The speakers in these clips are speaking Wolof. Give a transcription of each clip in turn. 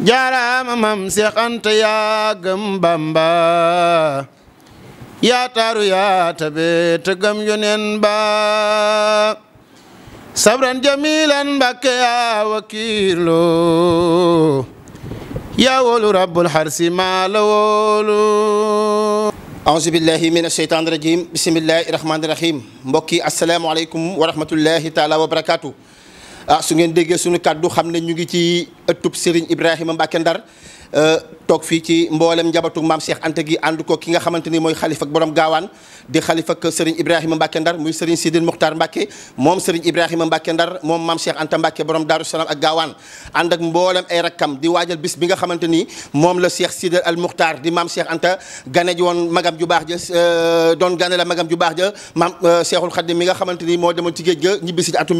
jaaraama mam Seex Anta yaa gëm Bamba yaa taaru yaa tabe te gëm yoneen ba sabran jamilan Mbàkke yaa wakiilo yaa wóolu rabbul xarsi maa la wóolu auzu billahi min asheytaan rajim bismillahi rahmaani rahim mbokki asalaamualeykum wa rahmatullahi taala wa barakaatu ah su ngeen déggee suñu kàddu xam ne ñu ngi ci ëttub Serigne Ibrahima Mbacke Ndar euh, toog fii ci mboolem njabatu maam Cheikh Anta gi ànd ko ki nga xamante ni mooy xalifa ak borom gaawaan di xalifa ak Serigne Ibrahima Mbacke Ndar muy Serigne Sidine Mokhtar Mbacke moom Serigne Ibrahima Mbacke Ndar moom maam Cheikh Anta Mbacke borom Daaru Salaam ak gaawaan ànd ak mboolem ay rakkam di waajal bis bi nga xamante ni moom la Cheikh Sidine al Mokhtar di maam Cheikh Anta ja euh, doon baax ja maam euh, Cheikhul Khadim ni moo demoon ci géej ga ñibbisi atum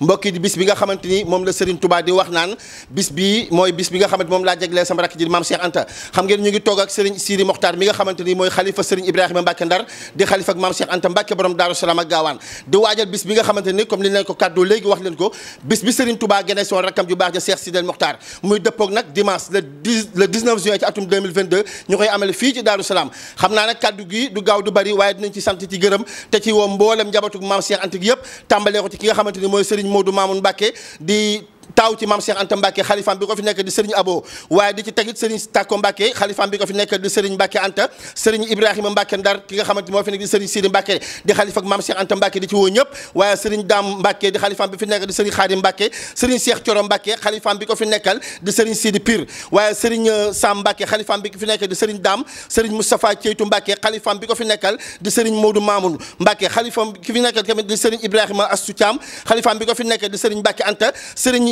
mbokki bis bi nga xamante ni moom la Serigne Touba di wax naan bis bi mooy bis bi nga xamante moom laa jeglee di maam Cheikh Anta xam ngeen ñu ngi toog ak Serigne Sidi Mokhtar mi nga xamante mooy xalifa Serigne Ibrahima Mbacke Ndar di xalifa maam Cheikh Anta Mbacke borom Daaru ak Gaawaan di waajal bis bi nga xamante comme li leen ko kàddu léegi wax leen ko bis bi Serigne Touba gene rakkam ju baax ja Cheikh Sidel Mokhtar muy dëppoog nag dimanche le 10 le 19 ci atum ñu koy amale fii ci Daaru xam naa nag kàddu gi du gaaw du bari waaye taaw ci maam Cheikh Anta Mbacke xalifaam bi ko fi nekk di Serigne Abo waaye di ci tegit Serigne Tako Mbacke xalifaam bi ko fi nekk di Serigne Mbacke Anta Serigne Ibrahima Mbacke Ndar ki nga xamante moo fi nekk di Serigne Sidi Mbacke di xalifa ak maam Cheikh Anta Mbacke di ci woo ñëpp waaye Serigne Dame Mbacke di xalifaam bi fi nekk di Serigne Khadim Mbacke Serigne Cheikh Thioro Mbacke xalifaam bi nekkal di Serigne Sidi euh, bi ko fi nekk di Serigne Dame Serigne Moustapha Ceytu Mbacke xalifaam bi ko bi ko fi nekkal di Serigne Mbacke Anta Serigne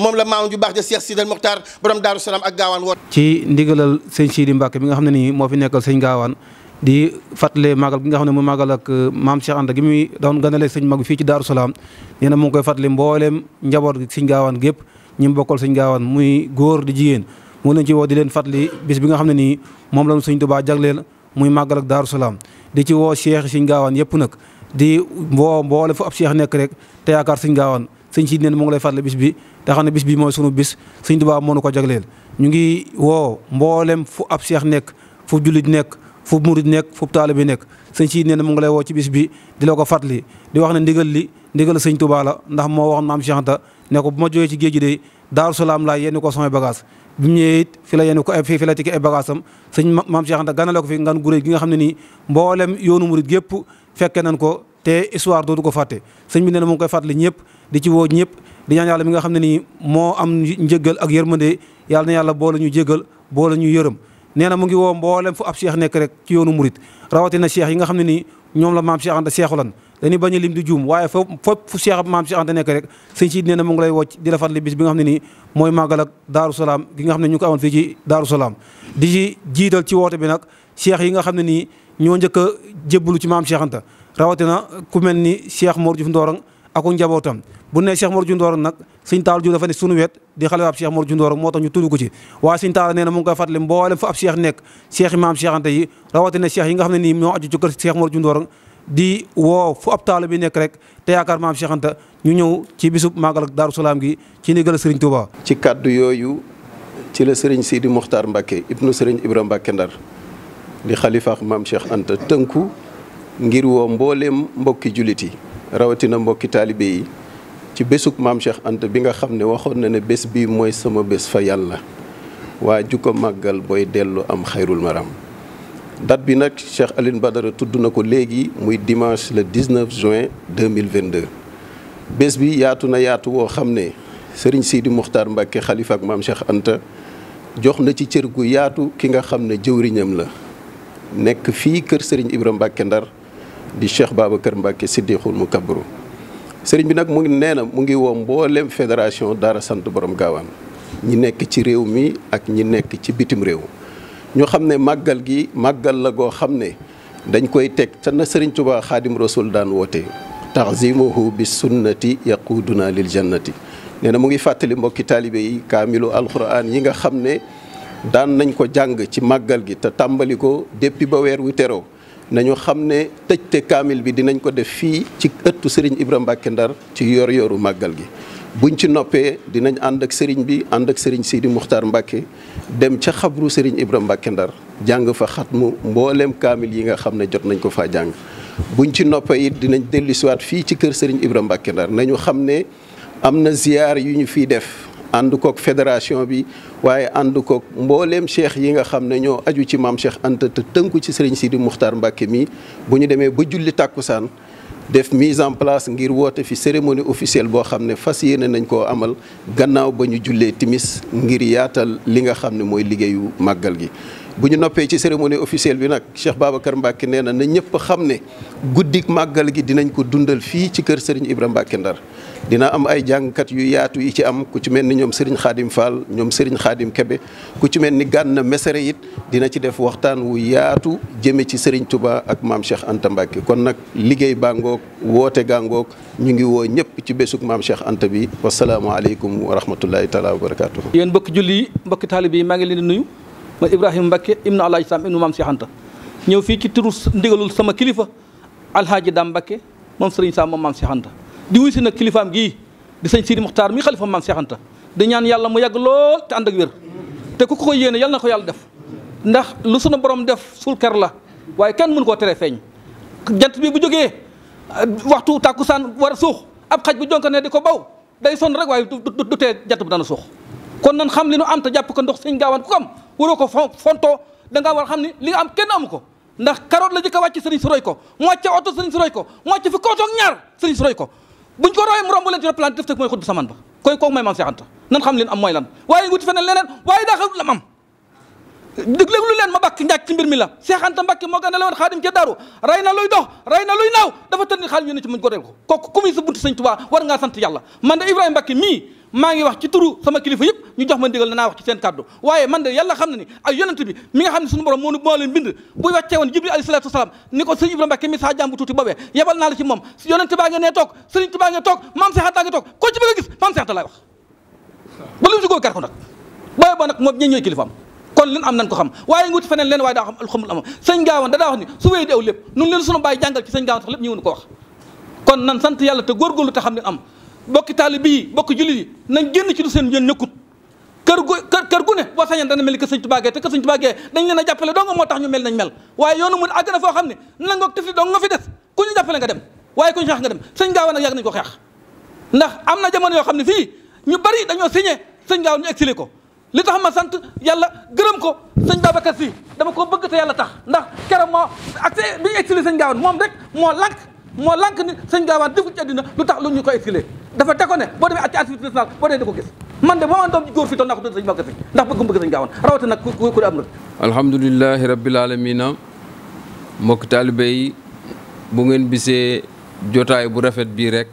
moom la maam ju baax ja Seex Sidal Moxtaar borom Daaru Salaam ak gaawaan woon ci ndigalal sëñ Sidi Mbàkke mi nga xam ne nii moo fi nekkal sëñ gaawaan di fàttale maagal gi nga xam ne mu maagal ak euh, maam Cheikh Anta gi mag fii ci Daaru Salaam na mu ngi koy fàttali mbooleem njaboot gi sëñ gaawaan gépp ñu bokkal sëñ gaawaan muy góor di jigéen mu leen ci di leen fàttali bis bi nga xam ne nii moom la sëñ Tuubaa jagleel muy màggal ak Daaru Salaam di ci woo Cheikh sëñ gaawaan yëpp nag di mboo mboole fu ab Cheikh nekk rek te yaakaar sëñ gaawaan sëñ si neen mu ngi lay fàttali bis bi te xam ne bis bi mooy sunu bis sëñ Tuubaa moo nu ko jagleel ñu ngi woo mboolem fu ab seex nekk fu jullit nekk fu murid nekk fu taalibe nekk sëñ si nee na mu ngi lay woo ci bis bi di la ko fàttali di wax ne ndigal li ndigal sëñ Tuubaa la ndax moo waxoon maam Seex Anta ne ko bu ma jógee ci géej gi de Daaru Salaam laa yenn ko samay bagage bi mu ñëwee it fi la yenn ko fi fi la tike ay bagage am sëñ maam Seex Anta ganale ko fi ngan guréej gi nga xam ne nii mboolem yoonu murid gépp fekkee nañ ko te histoire dootu ko fàtte sëñ bi nee mu ngi koy fàttali ñëpp di ci woo ñëpp di ñaan yàlla nga xam ne nii moo am njëgël ak yërmande yàlla na yàlla boole ñu jéggal boole ñu yërëm nee na mu ngi woo mboolem fu ab cheikh nekk rek ci yoonu murit rawatina cheikh yi nga xam ne nii ñoom la maam Cheikh Anta seexu dañuy bañ a lim di juum waaye fo fop fu cheikh maam Cheikh nekk rek sëñ nee na mu lay wocc di la fàttali bis bi xam ne nii mooy màggal ak daaru nga xam ne ñu ko amoon fii di ci jiital ci woote bi nag cheikh yi nga xam ne nii ñoo njëkk a jébbalu ci maam Cheikh Anta rawatina ku mel ni cheikh Mor Diouf Ndorong aku njabootam bu ne Cheikh Mor Jundoor nag sëñ Tall ju dafa ne sunu wet di xale ab Cheikh Mor moo tax ñu tudd ko ci waaye sëñ Tall nee na mu ngi koy fàttali mboolem fa ab Cheikh nekk Cheikh Imaam Cheikh Anta yi rawatina Cheikh yi nga xam ne nii ñoo aju ci kër Cheikh Mor Jundoor di woo fu ab taal bi nekk rek te yaakaar maam Cheikh ñu ñëw ci bisub màggal Daaru Salaam gi ci ndigal Serigne Touba. ci kàddu yooyu ci la Serigne Sidi Mokhtar Mbacke ibnu Serigne Ibra Mbacke Ndar di xalifaax maam Cheikh Anta tënku ngir woo mbooleem mbokki jullit yi rawatina mbokki taalibe yi ci bésug maam Cheikh Anta bi nga xam ne waxoon na ne bés bi mooy sama bés fa yàlla waa ju ko màggal booy dellu am xayrul maram date bi nag Cheikh Alioune Badara tudd na ko léegi muy dimanche le 19 juin 2022 bés bi yaatu na yaatu woo xam ne Serigne Sidi Mokhtar Mbacke xalifa ak maam Cheikh Anta jox na ci cër gu yaatu ki nga xam ne jëwriñam la nekk fii kër Serigne Ibrahima Mbacke Ndar di Cheikh Babacar Mbacke Siddiqul Mukabbaru sëriñ bi nag mu ngi nee na mu ngi woo mboolem fédération dara sant borom gaawaan ñi nekk ci réew mi ak ñi nekk ci bitim réew ñu xam ne màggal gi màggal la goo xam ne dañ koy teg te na sëriñ Tuubaa Xaadim Rasul daan woote taxzimuhu bi sunnati yaquduna lil jannati neena mu ngi fàttali mbokki taalibe yi kaamilu alquran yi nga xam ne daan nañ ko jàng ci màggal gi te tàmbali ko depuis ba weer wi teroo nañu xam ne tëjte kaamil bi dinañ ko def fii ci ëttu sëriñ Ibra Mbàkke Ndar ci yor yoru màggal gi buñ ci noppee dinañ ànd ak sëriñ bi ànd ak sëriñ Sidi Muxtaar Mbàkke dem ca xabru sëriñ Ibra Mbàkke Ndar jàng fa mu mboolem kaamil yi nga xam ne jot nañ ko faa jàng buñ ci noppee it dinañ dellusiwaat fii ci kër sëriñ Ibra Mbàkke Ndar nañu xam ne am na ziyaar yu ñu fiy def ànd koog fédération bi waaye ànd koog mbooleem cheikh yi nga xam ne ñoo aju ci maam cheikh Anta te tënku ci sëriñ Sidi Muxtaar Mbàkke mii bu ñu demee ba julli tàkkusaan def mise en place ngir woote fi cérémonie officielle boo xam ne fas yéene nañ koo amal gannaaw ba ñu jullee timis ngir yaatal li nga xam ne mooy liggéeyu màggal gi bu ñu noppee ci cérémonie officielle bi nag Cheikh Babacar Mbacke nee na na ñëpp xam ne guddik màggal gi dinañ ko dundal fii ci kër Serigne Ibra Mbacke dina am ay jàngkat yu yaatu yi ci am ku ci mel ni ñoom Serigne xaadim Fall ñoom Serigne xaadim Kebe ku ci mel ni na Messere it dina ci def waxtaan wu yaatu jëme ci Serigne tubaa ak maam Cheikh Anta Mbacke kon nag liggéey bàngoog woote gàngoog ñu ngi woo ñëpp ci bésug maam Cheikh Anta bi wasalaamualeykum wa rahmatullahi taala wa barakaatu. yéen mbokki julli yi mbokki taalibe yi maa ngi leen di nuyu ma Ibrahima Mbacke ibnu Alaaji Sam ibnu maam Anta ñëw fii ci turu ndigalul sama kilifa Alhaaji Daam Mbacke moom Serigne Sam maam Cheikh di wuy si nag kilifaam gii di sëñ Sidi Muxtaar mi xalifa maam Seex di ñaan yàlla mu yàgg lool te ànd ak wér te ku ko koy yéene yal na ko yàlla def ndax lu sunu borom def suul ker la waaye kenn mënu koo tere feeñ jant bi bu jógee waxtu tàkku tàkkusaan war a suux ab xaj bu jonko ne di ko baw day sonn rek waaye du tee jant bi dana suux kon nan xam ni nu am te jàpp ko ndox sëñ gaawaan ku ko am waroo ko fontoo da war xam ni li am kenn amu ko ndax karoot la jëkk wàcc sëriñ su ko mu wàcce oto sëriñ ko mu wàcce ñaar sëriñ su ko buñ ko royee mu romb leen ci ropalaan def teg mooy xut bu saman ba koy kooku mooy maam Cheikh nan xam leen am mooy lan waaye wuti feneen leneen waaye daa xam la mam déglu leen ma bakk njaaj ci mbir mi la Cheikh Anta Mbacke moo a la woon xaadim ca daaru ray na luy dox ray na luy naaw dafa tënni xaadim yéen ci muñ ko deel ko kooku ku muy sa buntu sëñ Tuubaa war ngaa sant yàlla man de Ibrahima Mbacke mii maa ngi wax ci turu sama kilifa yëpp ñu jox ma ndigal na naa wax ci seen kàddu waaye man de yàlla xam na ni ay yonent bi mi nga xam ne suñu borom moo moo leen bind bu wàccee woon jibril alayhi salaatu wasalaam ni ko sëñ Ibrahima Mbacke mi saa jàmbu tuuti boobee yebal naa la ci moom yonent baa nga toog sëriñ Tuubaa nga toog maam Seex Anta toog ko ci bëgg a gis maam Seex Anta laay wax ba lu mu si góor kar ko kon leen am nañ ko xam waaye nguti feneen leen waaye daa xam alxamul ama sëñ gaawan da daa wax ni su wéy di aw lépp nun leen sunu bàyyi jàngal ci sëñ nan sant yàlla te góorgóorlu te xam ne am bokki taalib yi bokki jullit nañ génn ci du seen yoon nekkut kër gu kër kër gu ne boo sañoon dana mel ni kër sëñ Tuubaa gee te kër sëñ Tuubaa dañ leen a jàppale dong moo tax ñu mel nañ mel waaye yoonu mu àgg na foo xam ne nangoog tefli dong nga fi des ku ñu jàppale nga dem waaye ku ñu xeex nga dem sëñ Gaawa nag yàgg nañu ko xeex ndax am na jamono yoo xam ne fii ñu bari dañoo signé sëñ Gaawa ñu exilé ko li tax ma sant yàlla gërëm ko sëñ Babacar Si dama ko bëgg te yàlla tax ndax keroog moo ak bi ñu exilé sëñ moom rek moo lànk moo lànk ni sëñ Gaawaan defu ci àddina lu tax lu ñu ko exilé dafa te ko ne boo demee ci di ko gis man de boo ma doom ji góor fii toll naa ko tudd sañ Mbacké Sylla ndax bëgg bëgg sañ gaawoon rawate nag ku ku am rek alhamdulilahi rabbil alamina mbokk taalibe yi bu ngeen bisee jotaay bu rafet bii rek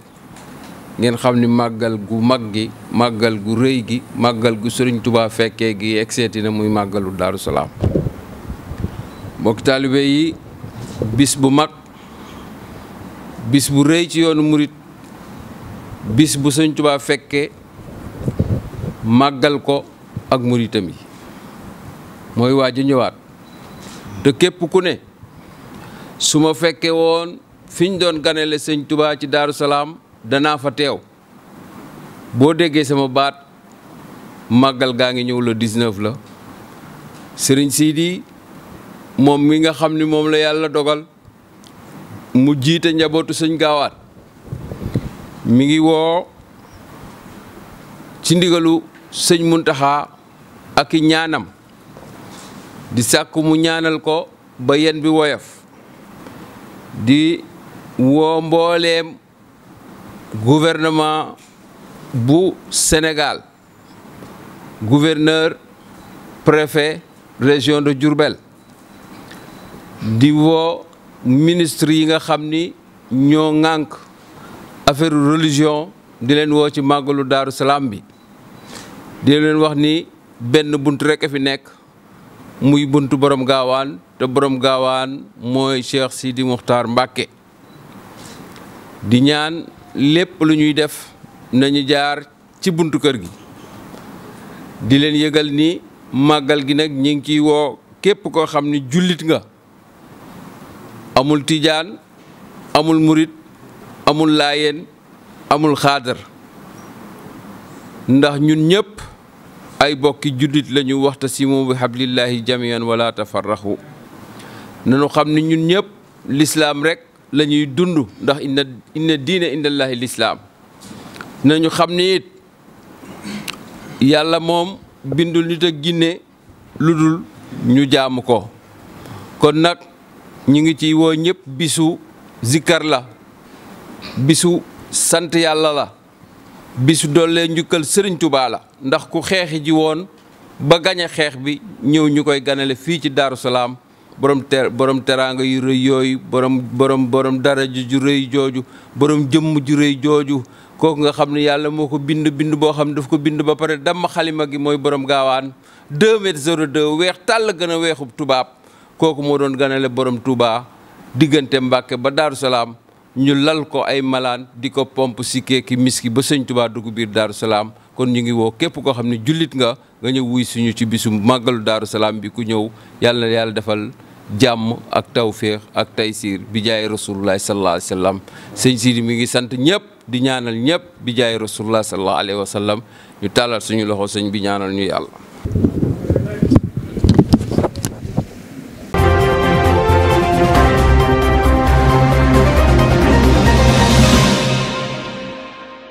ngeen xam ni màggal gu mag gi màggal gu rëy gi màggal gu sëriñ Touba fekkee gi egseeti na muy màggalu Daaru Salaam mbokk taalibe yi bis bu mag bis bu rëy ci yoonu murit bis bu sëñ Tuubaa fekke màggal ko ak muritam yi mooy waa ji te képp ku ne su ma fekke woon fi ñu doon ganale sëñ Tuubaa ci Daaru Salaam danaa fa teew boo déggee sama baat màggal gaa ngi ñëw la 19 la sëriñ Sidi moom mi nga xam ni moom la yàlla dogal mu jiite njabootu sëñ Gaawaat mi ngi woo ci ndigalu sëñ Muntaxa ak i ñaanam di sàkku mu ñaanal ko ba yen bi woyof di woo mbooleem gouvernement bu Sénégal gouverneur préfet région de Diourbel di woo ministre yi nga xam ni ñoo ŋànk affaire religion di leen woo ci màggalu daaru salaam bi di leen wax ni benn bunt rekk a fi nekk muy buntu boroom gaawaan te borom gaawaan mooy Cheikh Sidi Muxtaar Mbàkke di ñaan lépp lu ñuy def nañu jaar ci buntu kër gi di leen yëgal ni màggal gi nag ñi ngi ciy woo képp koo xam ni jullit nga amul tijaan amul murit amul layen amul xaadar ndax ñun ñëpp ay bokki juddit lañu waxta simu bi hablillahi jamian wala tafarraxu nanu xam ni ñun ñëpp lislaam rekk lañuy dund ndax inna inna lislaam nañu xam nit yàlla moom bindul nit ak ginne lu ñu jaamu ko kon nag ñu ngi ci woo ñëpp bisu zikkar la bisu sant yàlla la bisu dollee njukkal sëriñ tubaa la ndax ku xeexi ji woon ba gañe xeex bi ñëw ñu koy ganale fii ci Daaru Salaam borom ter borom teraanga yu rëy yooyu borom borom borom daraja ju rëy jooju borom jëmm ju rëy jooju kooku nga xam ne yàlla moo ko bind bind boo xam ne daf ko bind ba pare damm xalima gi mooy borom gaawaan 2 mètre 02 weex tàll gën a weexub tubaab kooku moo doon ganale borom Touba diggante Mbàkke ba Daaru Salaam ñu lal ko ay malaan di ko pomp sikkee ki miski ba sëñ Tuubaa dugg biir Daaru Salaam kon ñu ngi woo képp koo xam ne jullit nga nga ñëw wuy suñu ci bisu màggalu Daaru Salaam bi ku ñëw yàlla na yàlla defal jàmm ak tawféex ak taysiir bi jaay rasulullah sallallahu alayhi wa sëñ Sidi mi ngi sant ñëpp di ñaanal ñëpp bi jaay rasulullah sallallahu alayhi wa ñu tàllal suñu loxo sëñ bi ñaanal ñu yàlla